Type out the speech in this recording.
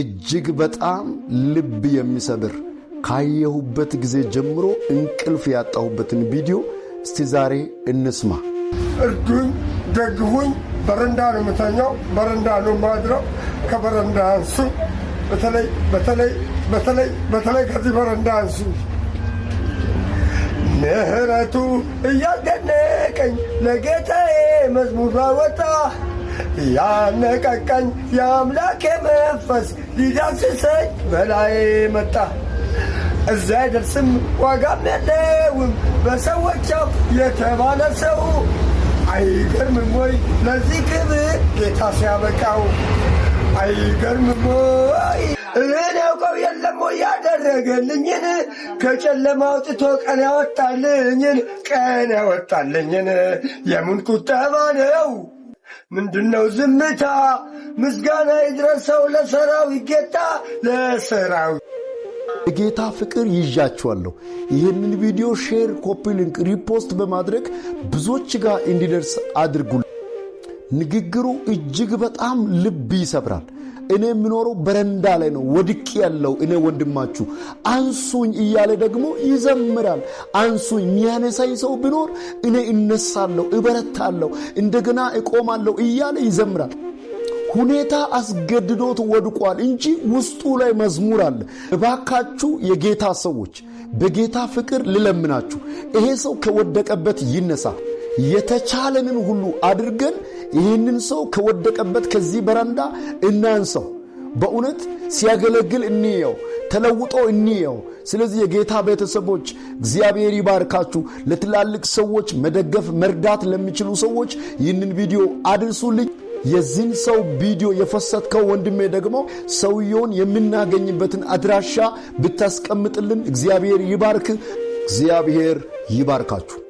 እጅግ በጣም ልብ የሚሰብር ካየሁበት ጊዜ ጀምሮ እንቅልፍ ያጣሁበትን ቪዲዮ እስቲ ዛሬ እንስማ። እርዱኝ፣ ደግፉኝ። በረንዳ ነው የምተኛው፣ በረንዳ ነው ማድረው። ከበረንዳ አንሱ። በተለይ በተለይ በተለይ በተለይ ከዚህ በረንዳ አንሱ። ምህረቱ እያደነቀኝ ለጌታዬ መዝሙር ባወጣ ያነቀቀኝ የአምላኬ መንፈስ ሊዳስሰኝ በላይ መጣ። እዛ አይደርስም ዋጋም የለውም በሰዎች የተባለ ሰው። አይገርምም ወይ ለዚህ ክብር ጌታ ሲያበቃው? አይገርምም ወይ እኔን ያውቀው የለም ወይ ያደረገልኝን ከጨለማ አውጥቶ ቀን ያወጣልኝን ቀን ያወጣልኝን የምን ቁጠባ ነው ምንድነው ዝምታ? ምስጋና ይድረሰው ለሰራዊት ጌታ፣ ለሰራዊት የጌታ ፍቅር ይዣችኋለሁ። ይህንን ቪዲዮ ሼር፣ ኮፒ ሊንክ፣ ሪፖስት በማድረግ ብዙዎች ጋር እንዲደርስ አድርጉ። ንግግሩ እጅግ በጣም ልብ ይሰብራል። እኔ የምኖረው በረንዳ ላይ ነው ወድቅ ያለው እኔ ወንድማችሁ አንሱኝ እያለ ደግሞ ይዘምራል። አንሱኝ የሚያነሳኝ ሰው ቢኖር እኔ እነሳለሁ፣ እበረታለሁ፣ እንደገና እቆማለሁ እያለ ይዘምራል። ሁኔታ አስገድዶት ወድቋል እንጂ ውስጡ ላይ መዝሙር አለ። እባካችሁ የጌታ ሰዎች በጌታ ፍቅር ልለምናችሁ፣ ይሄ ሰው ከወደቀበት ይነሳ። የተቻለንን ሁሉ አድርገን ይህንን ሰው ከወደቀበት ከዚህ በረንዳ እናንሰው። በእውነት ሲያገለግል እንየው፣ ተለውጦ እንየው። ስለዚህ የጌታ ቤተሰቦች እግዚአብሔር ይባርካችሁ። ለትላልቅ ሰዎች መደገፍ፣ መርዳት ለሚችሉ ሰዎች ይህንን ቪዲዮ አድርሱልኝ። የዚህን ሰው ቪዲዮ የፈሰትከው ወንድሜ ደግሞ ሰውየውን የምናገኝበትን አድራሻ ብታስቀምጥልን እግዚአብሔር ይባርክ። እግዚአብሔር ይባርካችሁ።